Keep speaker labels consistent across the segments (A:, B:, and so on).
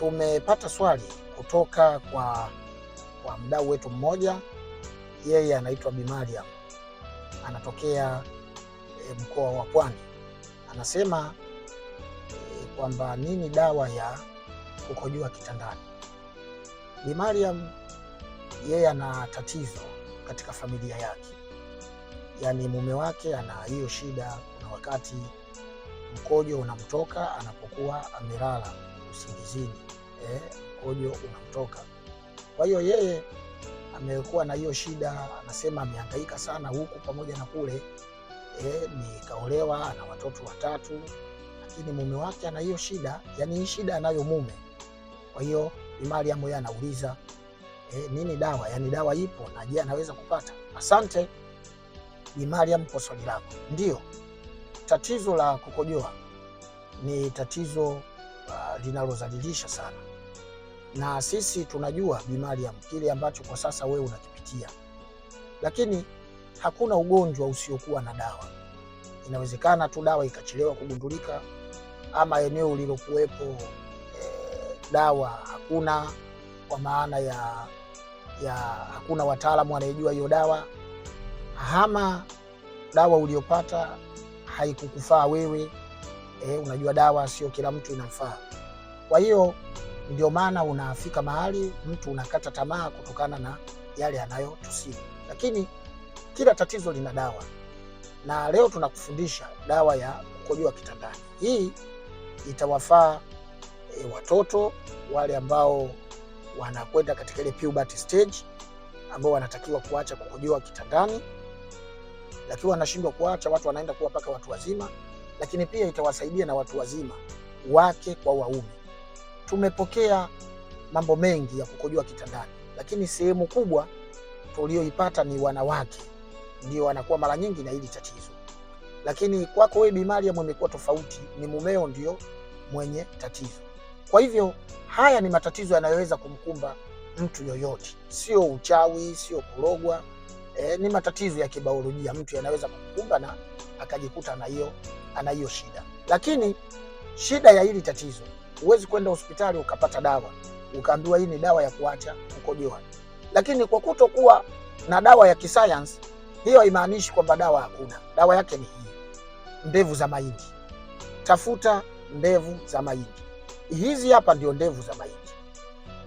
A: Tumepata swali kutoka kwa, kwa mdau wetu mmoja, yeye anaitwa Bi Mariam, anatokea e, mkoa wa Pwani. Anasema e, kwamba nini dawa ya kukojoa kitandani. Bi Mariam yeye ana tatizo katika familia yake, yaani mume wake ana hiyo shida, kuna wakati mkojo unamtoka anapokuwa amelala usingizini, eh, onyo unamtoka. Kwa hiyo yeye amekuwa na hiyo shida, anasema amehangaika sana huku pamoja na kule. Eh, nikaolewa, na watoto watatu, lakini mume wake ana hiyo shida, yani hii shida anayo mume. Kwa hiyo Mariam yeye anauliza eh, nini dawa, yani dawa ipo na je anaweza kupata? Asante Bi Mariam kwa swali lako. Ndio, tatizo la kukojoa ni tatizo uh, linalozalilisha sana, na sisi tunajua bimariam kile ambacho kwa sasa wewe unakipitia, lakini hakuna ugonjwa usiokuwa na dawa. Inawezekana tu dawa ikachelewa kugundulika, ama eneo ulilokuwepo eh, dawa hakuna, kwa maana ya, ya hakuna wataalamu wanaejua hiyo dawa, ama dawa uliopata haikukufaa wewe eh, unajua dawa sio kila mtu inamfaa. Kwa hiyo ndio maana unafika mahali mtu unakata tamaa kutokana na yale anayotusii, lakini kila tatizo lina dawa, na leo tunakufundisha dawa ya kukojoa kitandani. Hii itawafaa e, watoto wale ambao wanakwenda katika ile puberty stage ambao wanatakiwa kuacha kukojoa kitandani, lakini wanashindwa kuacha, watu wanaenda kuwa mpaka watu wazima lakini pia itawasaidia na watu wazima wake kwa waume. Tumepokea mambo mengi ya kukojoa kitandani, lakini sehemu kubwa tulioipata ni wanawake ndio wanakuwa mara nyingi na hili tatizo, lakini kwako wewe Bi Mariam imekuwa tofauti, ni mumeo ndio mwenye tatizo. Kwa hivyo haya ni matatizo yanayoweza kumkumba mtu yoyote, sio uchawi, sio kurogwa. E, ni matatizo ya kibaolojia mtu yanaweza kumkumba na akajikuta na hiyo ana hiyo shida. Lakini shida ya hili tatizo, huwezi kwenda hospitali ukapata dawa ukaambiwa hii ni dawa ya kuacha kukojoa, lakini kwa kutokuwa na dawa ya kisayansi hiyo haimaanishi kwamba dawa hakuna. Dawa yake ni hii, ndevu za mahindi. Tafuta ndevu za mahindi, hizi hapa ndio ndevu za mahindi.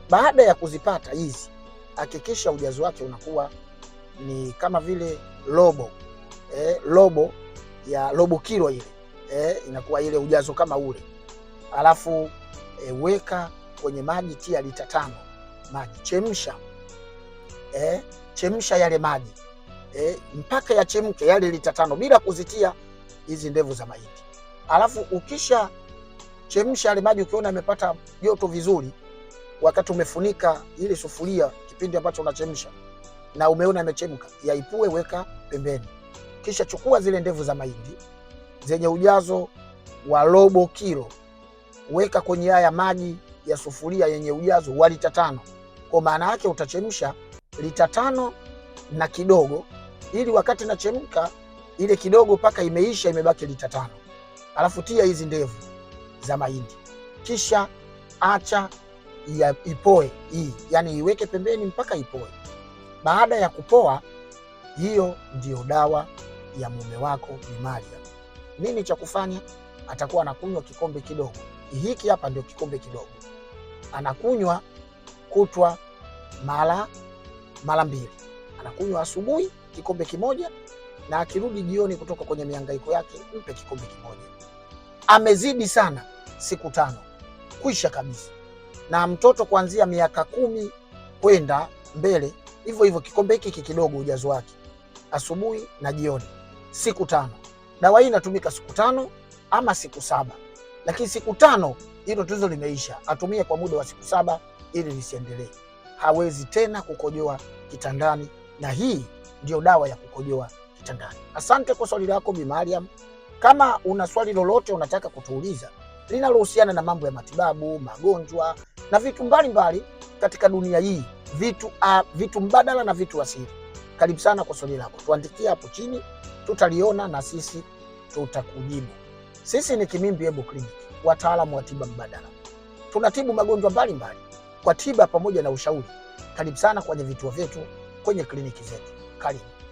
A: Baada ya kuzipata hizi, hakikisha ujazo wake unakuwa ni kama vile robo eh, robo ya robo kilo ile eh, inakuwa ile ujazo kama ule, alafu e, weka kwenye maji, tia lita tano maji, chemsha eh, chemsha yale maji eh, mpaka yachemke yale lita tano bila kuzitia hizi ndevu za mahindi. Alafu ukisha chemsha yale maji, ukiona yamepata joto vizuri, wakati umefunika ile sufuria kipindi ambacho unachemsha na umeona yamechemka, yaipue, weka pembeni. Kisha chukua zile ndevu za mahindi zenye ujazo wa robo kilo, weka kwenye haya maji ya sufuria yenye ujazo wa lita tano. Kwa maana yake utachemsha lita tano na kidogo, ili wakati nachemka ile kidogo mpaka imeisha, imebaki lita tano. Alafu tia hizi ndevu za mahindi, kisha acha ya ipoe hii, yani iweke pembeni mpaka ipoe. Baada ya kupoa, hiyo ndiyo dawa ya mume wako ni mali Nini cha kufanya? Atakuwa anakunywa kikombe kidogo, hiki hapa ndio kikombe kidogo, anakunywa kutwa mara mara mbili, anakunywa asubuhi kikombe kimoja, na akirudi jioni kutoka kwenye mihangaiko yake mpe kikombe kimoja. Amezidi sana, siku tano kwisha kabisa. Na mtoto kuanzia miaka kumi kwenda mbele, hivyo hivyo, kikombe hiki kidogo ujazo wake asubuhi na jioni siku tano. Dawa hii inatumika siku tano ama siku saba, lakini siku tano hilo tuzo limeisha, atumie kwa muda wa siku saba ili lisiendelee. Hawezi tena kukojoa kitandani, na hii ndio dawa ya kukojoa kitandani. Asante kwa swali lako Bi Mariam. Kama una swali lolote unataka kutuuliza linalohusiana na mambo ya matibabu, magonjwa na vitu mbalimbali mbali katika dunia hii, vitu, a, ah, vitu mbadala na vitu asili karibu sana kwa swali lako, tuandikie hapo chini, tutaliona na sisi tutakujibu. Sisi ni Kimimbi Herbal Clinic, wataalamu wa tiba mbadala. Tunatibu magonjwa mbalimbali kwa tiba pamoja na ushauri. Karibu sana kwenye vituo vyetu, kwenye kliniki zetu. Karibu.